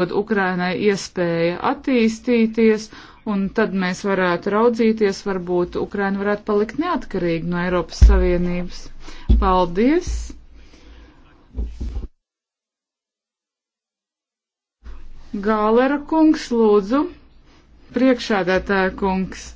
dod Ukrainai iespēja attīstīties, un tad mēs varētu raudzīties, varbūt Ukraina varētu palikt neatkarīga no Eiropas Savienības. Paldies! Gālera kungs, lūdzu, priekšādātāja kungs.